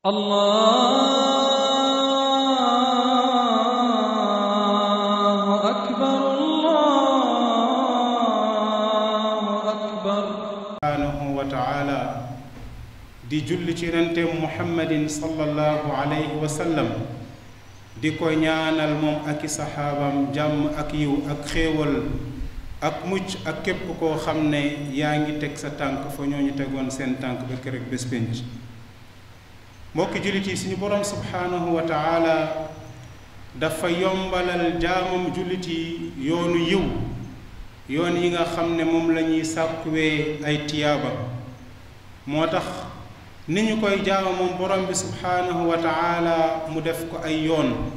الله أكبر الله أكبر سبحانه وتعالى دي جل محمد صلى الله عليه وسلم دي كو نيان الموم اكي صحابام جام اكي يو اك خيول اك موچ اك كيب كو خامني ياغي تك سا تانك فو نيو ني تگون سين تانك بكرك بسبنج بس موكي جوليتي سيني بروم سبحانه وتعالى دا يوم يومبال الجامم جوليتي يونو يو يون ييغا خامني موم لا ني ساكوي اي تيابا موتاخ ني ني كوي جامم بروم بي سبحانه وتعالى مو ديف كو اي يون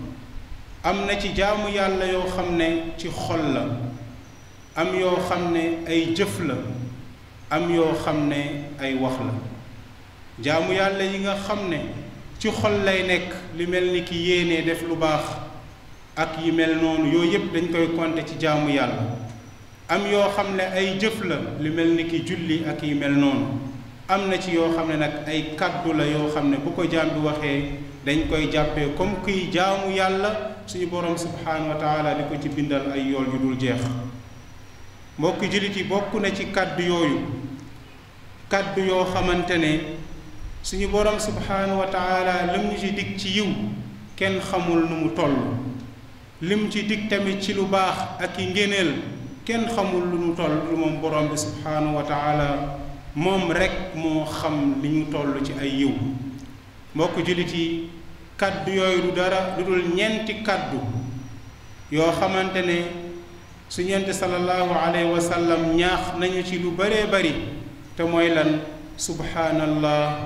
امنا سي جامو يالا يو خامني سي خول لا ام يو خامني اي جيف لا ام يو خامني اي واخ لا jaamu yàlla yi nga xam ne ci xol lay nekk li mel ni ki yéene def lu baax ak yi mel noonu yooyu yépp dañ koy compter ci jaamu yàlla am yoo xam ne ay jëf la li mel ni ki julli ak yi mel noonu am na ci yoo xam ne nag ay kàddu la yoo xam ne bu ko jaam bi waxee dañ koy jàppee comme kiy jaamu yàlla suñu borom subhaanahu wa di ko ci bindal ay yool yu dul jeex mbokki jullit yi bokk na ci kàddu yooyu kàddu yoo xamante ne suñu borom subhaanahu wa taala lim ñu ci dig ci yiw kenn xamul nu mu toll lim ci dig tamit ci lu baax ak i ngéneel kenn xamul lu mu toll lu moom borom bi subhaanahu wa moom rekk moo xam li ñu toll ci ay yiw mbokk jullit yi kàddu yooyu du dara lu dul ñeenti kàddu yoo xamante ne su ñeenti sallallahu alayhi wa sallam ñaax nañu ci lu bëree bari te mooy lan subhaanallah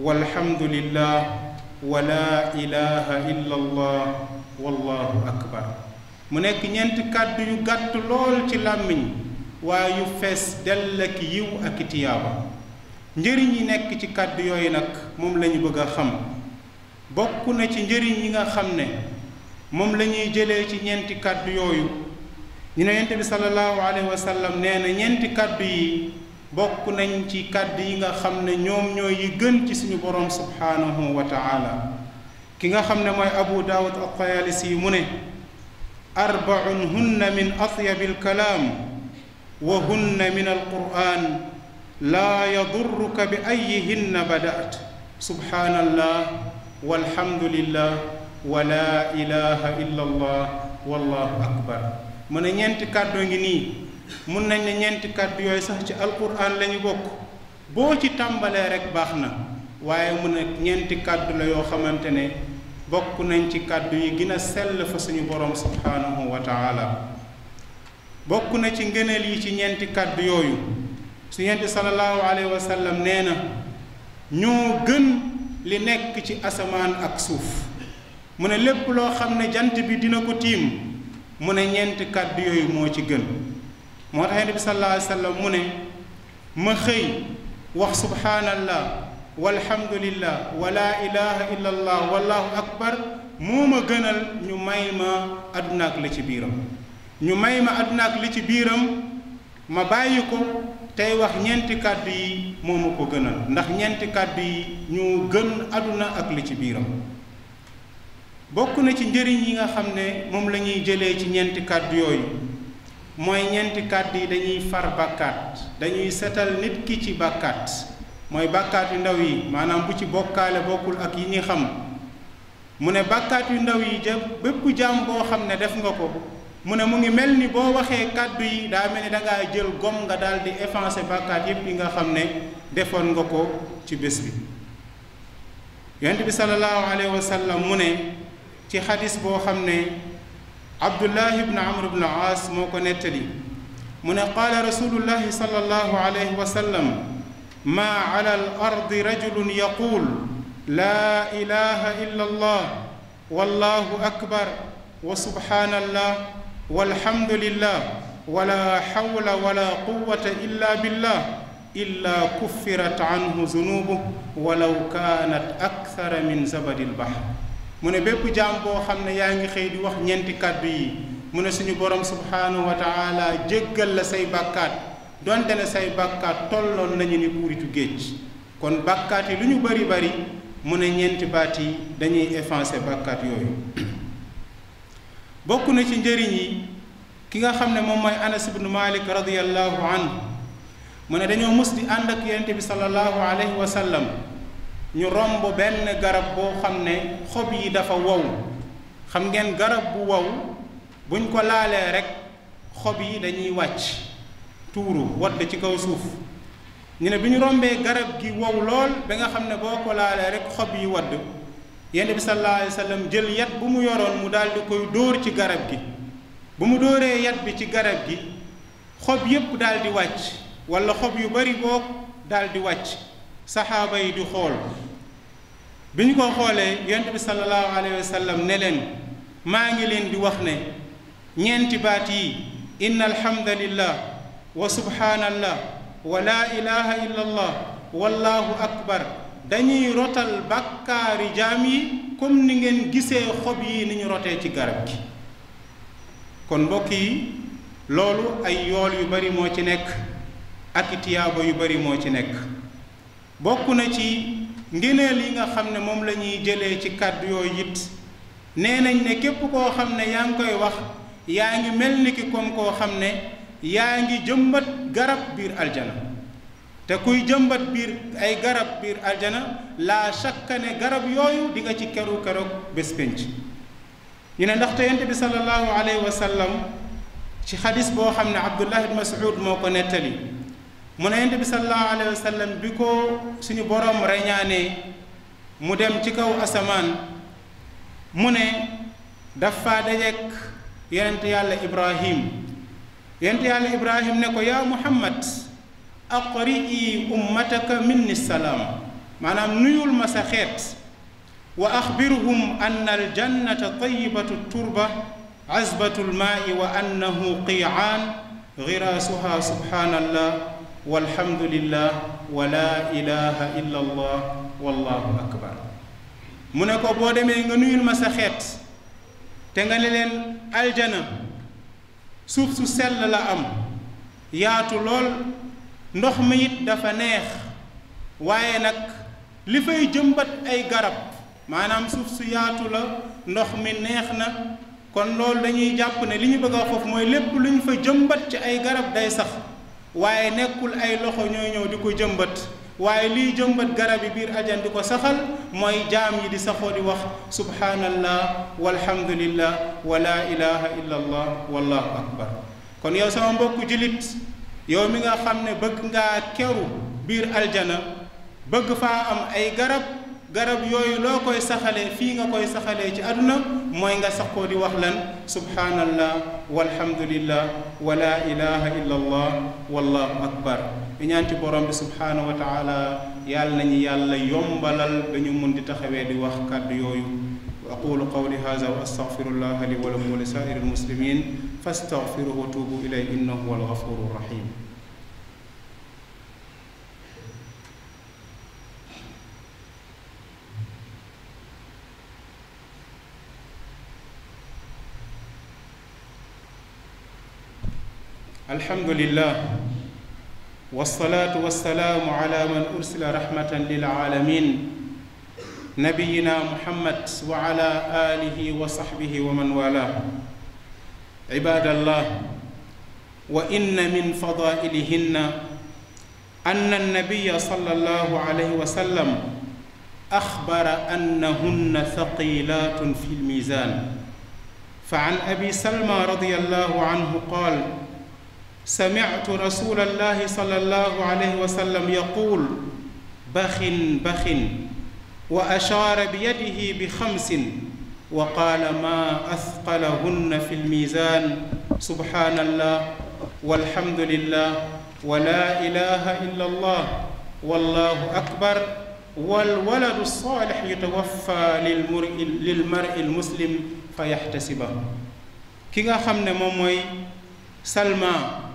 Walhamdulillah, لله ولا illallah, wallahu akbar. والله أكبر mu nekk ñent kàddu yu gàtt lool ci yu fees dell ak yiw ak tiyaaba njëriñ yi nekk ci kàddu yooyu nag moom lañu bëgg xam bokk na ci nga xam ne moom la ñuy ci ñeenti kàddu yooyu ñu bi na yi bokku nañ ci kaddu yi nga xam ne ñoom ñooy yi gën ci suñu borom subhanahu wa taala ki nga xam ne mooy abu daawud at-tayaalisi mu ne arbaun hunna min atyabi alkalaam wa hunna min alquran la yadurruka bi ayihinna badaat subhanallah walhamdulillah wa la ilaha illa allah wallahu akbar mu ne ñeenti kàddu ngi nii mun nañ ne ñeenti kàddu yooyu sax ci alquran lañu bokk boo ci tàmbalee rek baax na waaye mu ne ñenti kàddu la yoo xamante ne bokk nañ ci kàddu yi gina a sell fa suñu borom subhaanahu wa taala bokk na ci ngëneel yi ci ñeenti kàddu yooyu su ñeenti sallallahu alayhi wa sallam nee na ñoo gën li nekk ci asamaan ak suuf mu ne lépp loo xam ne jant bi dina ko tiim mu ne ñeenti kàddu yooyu moo ci gën moo tax yonent bi sallallahu alayhi wa sallam mu ne ma xëy wax subhaanallah walhamdulillah wa laa ilaha illa allah wallahu akbar moo ma gënal ñu may ma àdduna ak la ci biiram ñu may ma àdduna ak li ci biiram ma bàyyi ko tey wax ñeenti kàddu yi moo ma ko gënal ndax ñeenti kàddu yi ñu gën àdduna ak li ci biiram bokk na ci njëriñ yi nga xam ne moom la ñuy jëlee ci ñeenti kàddu yooyu mooy ñeenti kàddu yi dañuy far bàkkaat dañuy seetal nit ki ci bàkkaat mooy bàkkaat yu ndaw yi maanaam bu ci bokkaale bokkul ak yi ñuy xam mu ne bàkkaat yu ndaw yi ja bépp jaam boo xam ne def nga ko mu ne mu ngi mel ni boo waxee kàddu yi daa mel ni danga jël gom nga daal di effacer bàkkaat yépp yi nga xam ne defoon nga ko ci bés bi yonent bi sallallahu alayhi wa mu ne ci xadis boo xam ne عبد الله بن عمرو بن عاص موكو من قال رسول الله صلى الله عليه وسلم ما على الارض رجل يقول لا اله الا الله والله اكبر وسبحان الله والحمد لله ولا حول ولا قوه الا بالله الا كفرت عنه ذنوبه ولو كانت اكثر من زبد البحر mu ne bépp jaam boo xam ne yaa ngi xëy di wax ñeenti kàddu yi mu ne suñu borom subhaanahu wa taala jéggal la say bàkkaat donte ne say bàkkaat tolloon nañu ni puuritu géej kon bàkkaat yi lu ñu bari bari mu ne ñeenti baat yi dañuy effacer bàkkaat yooyu bokk na ci njëriñ yi ki nga xam ne moom mooy anas ibnu malik radiallahu anhu mu ne dañoo mus di ànd ak yonent bi sallallahu alayhi wa sallam ñu romb benn garab boo xam ne xob yi dafa wow xam ngeen garab bu wow buñ ko laalee rek xob yi dañuy wàcc tuuru wadd ci kaw suuf ñu ne bi ñu rombee garab gi wow lool ba nga xam ne boo ko laalee rek xob yi wadd yenn bi sallallahu alayhi jël yat bu mu yoroon mu daal di koy dóor ci garab gi bu mu dóoree yat bi ci garab gi xob yépp daldi wàcc walla xob yu bari boog daldi wàcc saxaaba yi di xool bi ñu ko xoolee yonent bi sallallahu alayhi wa sallam ne leen maa ngi leen di wax ne ñeenti baat yi inna alhamdalillah wa subhaanallah wa laa ilaha illa allah wallahu akbar dañuy rotal bàkkaari jaam yi comme ni ngeen gisee xob yi ni ñu rotee ci garab gi kon mbokk yi loolu ay yool yu bari moo ci nekk ak tiyaaba yu bari moo ci nekk bokk na ci ngëneel yi nga xam ne moom lañuy ñuy jëlee ci kàddu yooyu it nee nañ ne képp koo xam ne yaa ngi koy wax yaa ngi mel ni ki comme koo xam ne yaa ngi jëmbat garab biir aljana te kuy jëmbat biir ay garab biir aljana laa shakka ne garab yooyu di nga ci keru keroog bés pénc ñu ne ndaxte yonent bi sallallahu alayhi wa ci xadis boo xam ne Abdullah ibn moo ko nettali mu ne bi sallallahu alayhi wa sallam bi ko suñu borom reñaanee mu dem ci kaw asaman mune ne dafa dajek yent yàlla ibrahim yent yàlla ibrahim ne ko ya muhammad aqri'i ummataka minni salam manam nuyul ma sa xet wa axbirhum an jannata tayyibatu turba azbatu ma'i wa annahu qiyaan giraasuha subhaanallah والحمد لله ولا ilaha illa allah wallahu akbar mu ne ko boo demee nga nuyul ma sa xeet te nga ne leen aljana suuf su sell la am yaatu lool ndox mi it dafa neex waaye nag li fay jëmbat ay garab maanaam suuf su yaatu la ndox mi neex na kon loolu dañuy jàpp ne li ñu bëgg a foofu mooy lépp lu ñu fa jëmbat ci ay garab day sax waaye nekkul ay loxo ñooy ñëw di ko jëmbat waaye liy jëmbat garab yi biir ajan di ko saxal mooy jaam yi di saxoo di wax subhaanallah walhamdulillah wa la ilaha illa allah wallahu akbar kon yow sama mbokku jullit yow mi nga xam ne bëgg ngaa keru biir aljana bëgg faa am ay garab garab yooyu loo koy saxalee fii nga koy saxalee ci aduna mooy nga sax koo di wax lan subhanallah walhamdulillah wa la ilaha illa allah wallahu akbar di ñaan ci borom bi subhanahu wa taala yàlla nañu yàlla yombalal dañu mun di taxawee di wax kàddu yooyu أقول قولي هذا وأستغفر الله لي ولكم ولسائر المسلمين فاستغفروه وتوبوا إليه إنه هو الغفور الرحيم الحمد لله والصلاة والسلام على من أرسل رحمة للعالمين نبينا محمد وعلى آله وصحبه ومن والاه عباد الله وإن من فضائلهن أن النبي صلى الله عليه وسلم أخبر أنهن ثقيلات في الميزان فعن أبي سلمى رضي الله عنه قال سمعت رسول الله صلى الله عليه وسلم يقول بخ بخ وأشار بيده بخمس وقال ما أثقلهن في الميزان سبحان الله والحمد لله ولا إله إلا الله والله أكبر والولد الصالح يتوفى للمرء, للمرء المسلم فيحتسبه كي خمنا مومي سلمان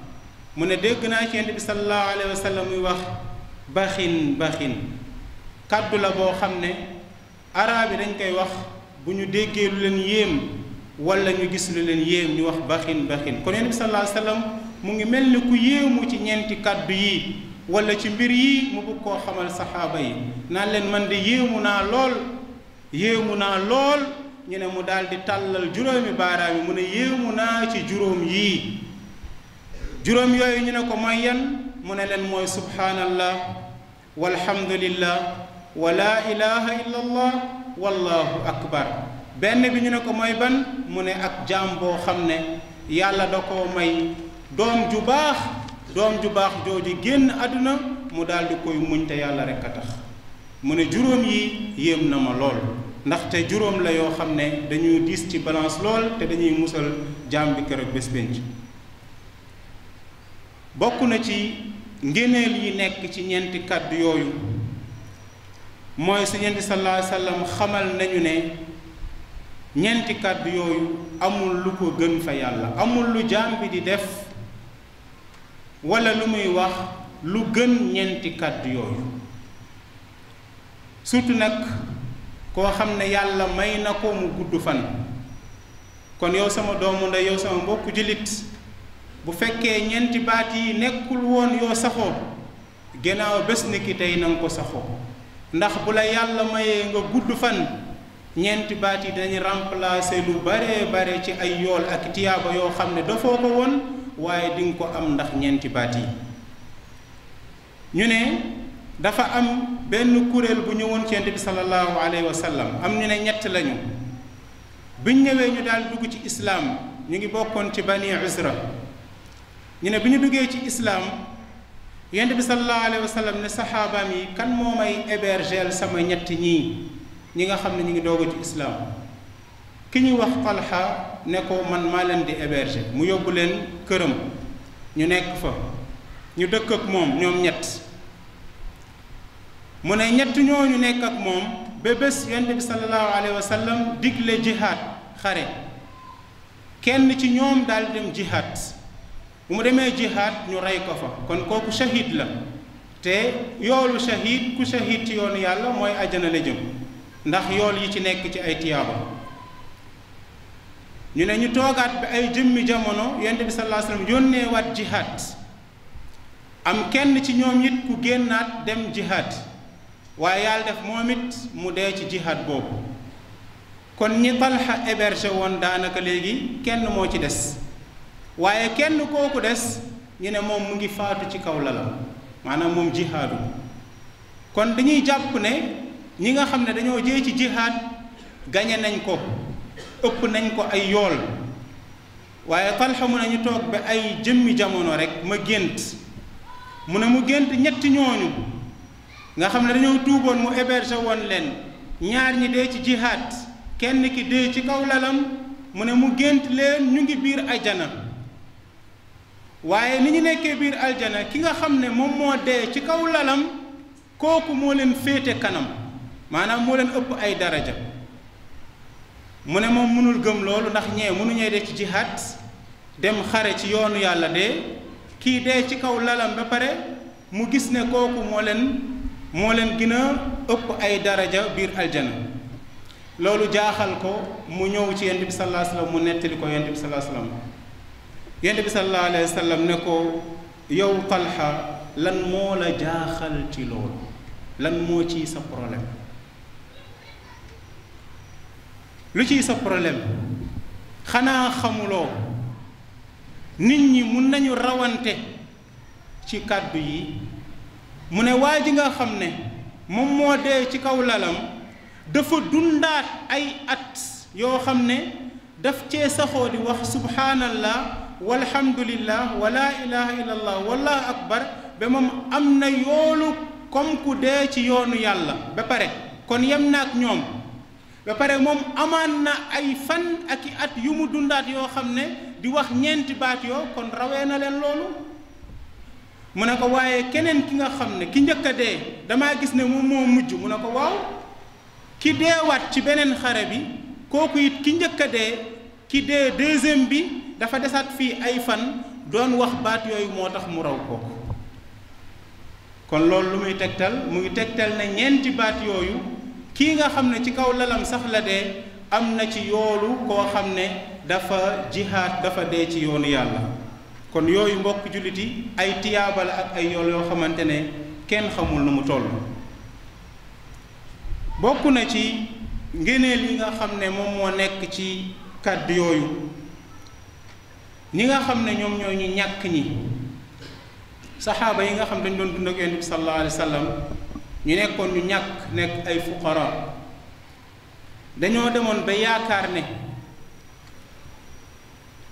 mu ne dégg naa ci yonent bi sallallahu alayhi wa muy wax baxin baxin kàddu la boo xam ne araab yi dañ koy wax bu ñu déggee lu leen yéem walla ñu gis lu leen yéem ñu wax baxin baxin kon yonent bi sallallahu alayhi sallam mu ngi mel ni ku yéemu ci ñeenti kàddu yi wala ci mbir yi mu bëgg koo xamal saxaaba yi naa leen man de yéemu naa lool yéemu naa lool ñu ne mu daldi tàllal juróomi baaraam yi mu ne yéemu naa ci juróom yii juróom yooyu ñu ne ko mooy yan mu ne leen mooy subhaanallah walhamdulillah wa laa ilaha illa allah wallahu akbar benn bi ñu ne ko mooy ban mu ne ak jaam boo xam ne yàlla da koo may doom ju baax doom ju baax jooju génn àdduna mu daal di koy muñ te yàlla rek a tax mu ne juróom yi yéem na ma lool ndaxte juróom la yoo xam ne dañuy diis ci balance lool te dañuy musal jaam bi keroog bés pénc bokk na ci ngéneel yi nekk ci ñeenti kàddu yooyu mooy su ñeenti sallallahu alayhi xamal nañu ne ñeenti kàddu yooyu amul lu ko gën fa yàlla amul lu jaam di def walla lu muy wax lu gën ñeenti kàdd yooyu surtout nag koo xam ne yàlla may na ko mu gudd fan kon yow sama doomu ndey yow sama mbokku jullit bu fekkee ñeenti baat yi nekkul woon yoo saxoo gannaaw bés ni ki tey na ko saxoo ndax bu la yàlla mayee nga gudd fan ñeenti baat yi dañu remplacer lu bare bare ci ay yool ak tiyaaba yoo xam ne dafoo ko woon waaye di ko am ndax ñeenti baat yi ñu ne dafa am benn kuréel bu ñëwoon ci Yonent bi sallallahu am ñu ne ñett lañu biñ ñëwee ñu daal dugg ci islaam ñu ngi bokkoon ci bani usra ñu ne bi ñu duggee ci islaam yonent bi sallallahu alayhi wa ne saxaabaam yi kan moom ay hébergeel sama ñett ñii ñi nga xam ne ñu ngi doog ci islaam ki ñuy wax Talha ne ko man maa leen di héberger mu yóbbu leen këram ñu nekk fa ñu dëkk ak moom ñoom ñett mu ne ñett ñooñu nekk ak moom ba bés yonent bi sallallahu alayhi wa digle jihaad xare kenn ci ñoom daal dem jihaad bu mu demee jihaad ñu rey ko fa kon kooku shahid la te yoolu shahid ku shahid ci yoonu yàlla mooy ajjana la ndax yool yi ci nekk ci ay tiyaaba ñu ne ñu toogaat ay jëmmi jamono yonent bi sallallahu alayhi wasallam yónnee am kenn ci ñoom it ku génnaat dem jihaad waaye yàlla def moom it mu dee ci jihaad boobu kon ñi Talha hébergé woon daanaka léegi kenn moo ci des waaye kenn kooku des ñu ne moom mu ngi faatu ci kaw lalam maanaam moom jihaadu kon dañuy jàpp ne ñi nga xam ne dañoo jee ci jihaad gañe nañ ko ëpp nañ ko ay yool waaye Talha mu ne ñu toog ba ay jëmmi jamono rek ma gént mu ne mu gént ñetti ñooñu nga xam ne dañoo tuuboon mu héberge woon leen ñaar ñi dee ci jihaad kenn ki dee ci kaw lalam mu ne mu gént leen ñu ngi biir ajjana waaye ni ñu nekkee biir aljana ki nga xam ne moom moo dee ci kaw lalam kooku moo leen féete kanam maanaam moo leen ëpp ay daraja mu ne moom mënul gëm loolu ndax ñee mënuñu dee ci jihaad dem xare ci yoonu yàlla de kii dee ci kaw lalam ba pare mu gis ne kooku moo leen moo leen gën ëpp ay daraja biir aljana loolu jaaxal ko mu ñëw ci yonent bi sallallahu mu nettali ko yonent bi sallallahu yonent bi sallallahu alayhi wa sallam ne ko yow Talha lan moo la jaaxal ci loolu lan moo ciy sa problème lu ciy sa problème xanaa xamuloo nit ñi mun nañu rawante ci kàddu yi mu ne waa ji nga xam ne moom moo dee ci kaw lalam dafa dundaat ay at yoo xam ne daf cee saxoo di wax subhaanallah walhamdulillah wala ilaha illallah wallahu akbar ba moom am na yoolu comme ku dee ci yoonu yàlla ba pare kon yem na ak ñoom ba pare moom amaan na ay fan ak i at yu mu dundaat yoo xam ne di wax ñeenti baat yoo kon rawee na leen loolu mu ne ko waaye keneen ki nga xam ne ki njëkk a dee damaa gis ne moom moo mujj mu ne ko waaw ki deewaat ci beneen xare bi kooku it ki njëkk a dee ki dee deuxième bi dafa desaat fii ay fan doon wax baat yooyu moo tax mu raw ko kon loolu lu muy tegtal mu ngi tegtal ne ñeenti baat yooyu kii nga xam ne ci kaw lalam sax la dee am na ci yoolu koo xam ne dafa jihaad dafa dee ci yoonu yàlla kon yooyu mbokk jullit yi ay tiyaaba ak ay yool yoo xamante ne kenn xamul nu mu toll bokk na ci ngëneel yi nga xam ne moom moo nekk ci kàddu yooyu ñi nga xam ne ñoom ñoo ñu ñàkk ñi saxaaba yi nga xam dañ doon dund ak yonent bi sallallahu ñu nekkoon ñu ñàkk nekk ay fuqara dañoo demoon ba yaakaar ne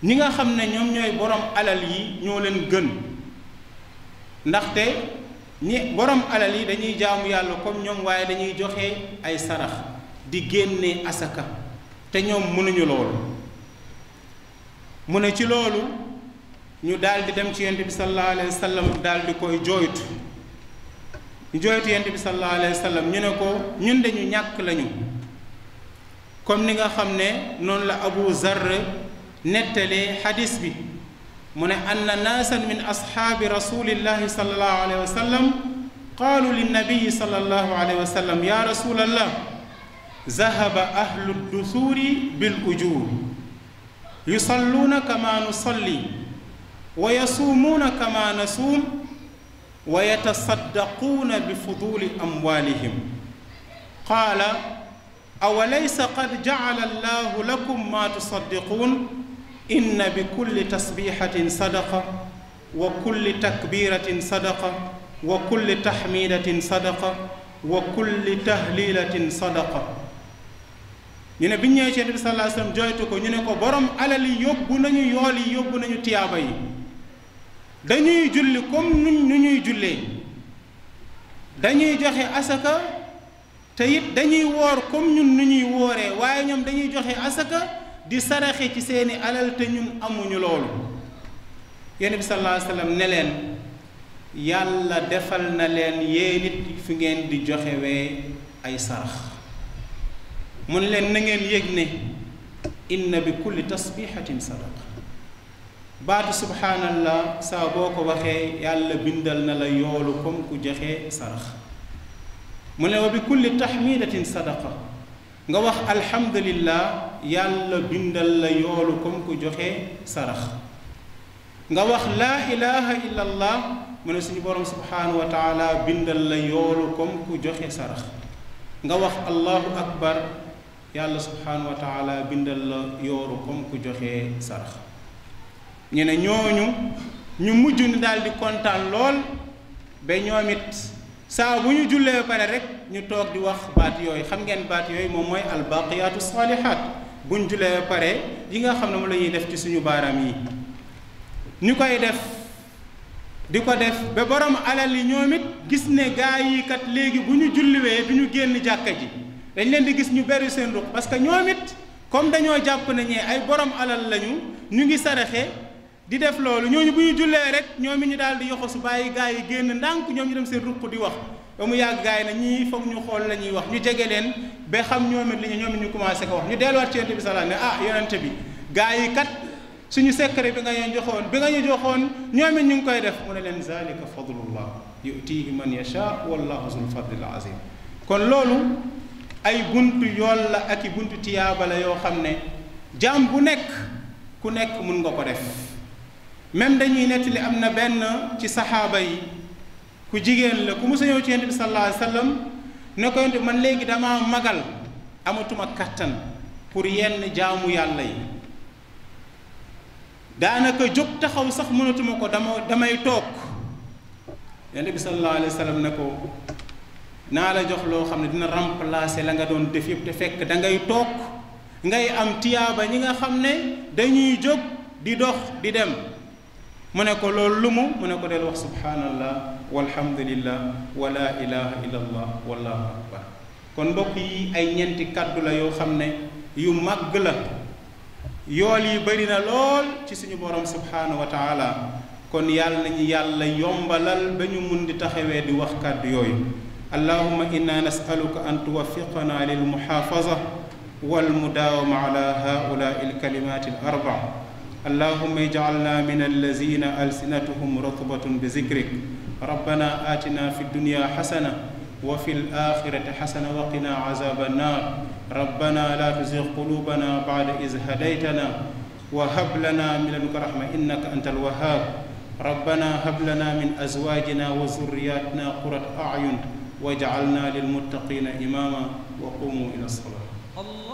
ñi nga xam ne ñoom ñooy borom alal yi ñoo leen gën ndaxte ñi borom alal yi dañuy jaamu yàlla comme ñoom waaye dañuy joxe ay sarax di génne asaka te ñoom mënuñu lool mu ne ci loolu ñu daal di dem ci yent bi sallallahu alayhi wa sallam daal di koy jooytu ñu jooytu yent bi sallallahu alayhi wa sallam ñu ne ko ñun dañu ñu ñàkk lañu comme ni nga xam ne noonu la Abu Zarr nettalee xadis bi mu ne anna naasan min ashaabi rasulillahi sallallahu alayhi wa sallam qaalu linnabiyi sallallahu alayhi wa sallam ya rasulallah zahaba ahlu dusuuri bil ujuur يصلون كما نصلي ويصومون كما نصوم ويتصدقون بفضول أموالهم قال أوليس قد جعل الله لكم ما تصدقون إن بكل تسبيحة صدقة وكل تكبيرة صدقة وكل تحميدة صدقة وكل تهليلة صدقة ñu ne bi ñu ñëwee ci Yonent bi sallallahu ko ñu ne ko borom alal yóbbu nañu yool yi yóbbu nañu tiyaaba yi dañuy julli comme nu ñuy jullee dañuy joxe asaka te it dañuy woor comme ñun nu ñuy wooree waaye ñoom dañuy joxe asaka di saraxe ci seeni alal te ñun amuñu loolu Yonent bi sallallahu alayhi ne leen yàlla defal na leen yéen it fi ngeen di joxewee ay sarax من لن يجني إن بكل تصبيحة صدق بعد سبحان الله سابوك وخي يال بندل نلا يولكم كجخي صرخ من لن بكل تحميدة صدق نوح الحمد لله يال بندل لا نلا يولكم كجخي صرخ نوح لا إله إلا الله من سني بورم سبحان وتعالى بندل لا نلا يولكم كجخي صرخ نوح الله أكبر yàlla subhaanahu wa taala bindal la yooru comme ku joxee sarax ñu ne ñooñu ñu mujj ni daal di kontaan lool ba ñoom saa bu ñu jullee pare rek ñu toog di wax baat yooyu xam ngeen baat yooyu moom mooy albaqiyaatu saalihaat bu ñu jullee pare yi nga xam ne moom lañuy def ci suñu baaraam yi ñu koy def di ko def ba borom alal yi ñoomit gis ne gaa yi léegi bu ñu julliwee bi ñu génn jàkka ji dañ leen di gis ñu bari seen ruq parce que ñoom it comme dañoo jàpp ne ñee ay borom alal lañu ñu ngi saraxe di def loolu ñooñu bu ñu jullee rek ñoom it ñu daal di yoxosu bàyyi gaa yi génn ndànk ñoom ñu dem seen ruq di wax ba mu yàgg gaa yi na ñii ñu xool la ñuy wax ñu jege leen ba xam ñoom it li ñu ñoom it ñu commencé ko wax ñu delluwaat ci yonent bi sallallahu alayhi ah, bi gaa yi kat suñu secret bi nga ñu joxoon bi nga ñu joxoon ñoom ñu ngi koy def mu ne leen zalika fadlullah yutihi man yasha wallahu zul fadlil azim kon loolu ay buntu yoon la ak i buntu tiyaaba yoo xam ne jaam bu nekk ku nekk mën nga ko def même dañuy nettali am na benn ci saxaaba yi ku jigéen la ku musa ñëw ci yonent bi sallallahu alayhi ne ko man léegi dama magal amatuma kàttan pour yenn jaamu yàlla yi daanaka jóg taxaw sax mënatuma ko dama damay toog yonent bi sallallahu alayhi wa sallam ne ko naa la jox loo xam ne dina remplacer la nga doon def yëpp te fekk dangay toog ngay am tiyaaba ñi nga xam ne dañuy jóg di dox di dem mu ne ko lool lu mu mu ne ko del wax subhanallah walhamdulillah wa la ilaha illa allah wallahu kon mbokk yi ay ñeenti kàddu la yoo xam ne yu màgg la yool yi bari na lool ci suñu boroom subhanahu wa taala kon yàlla nañu yàlla yombalal ba ñu mun di taxawee di wax kàddu yooyu اللهم إنا نسألك أن توفقنا للمحافظة والمداومة على هؤلاء الكلمات الأربع اللهم اجعلنا من الذين ألسنتهم رطبة بذكرك ربنا آتنا في الدنيا حسنة وفي الآخرة حسنة وقنا عذاب النار ربنا لا تزغ قلوبنا بعد إذ هديتنا وهب لنا من لدنك رحمة إنك أنت الوهاب ربنا هب لنا من أزواجنا وذرياتنا قرة أعين واجعلنا للمتقين إماما وقوموا إلى الصلاة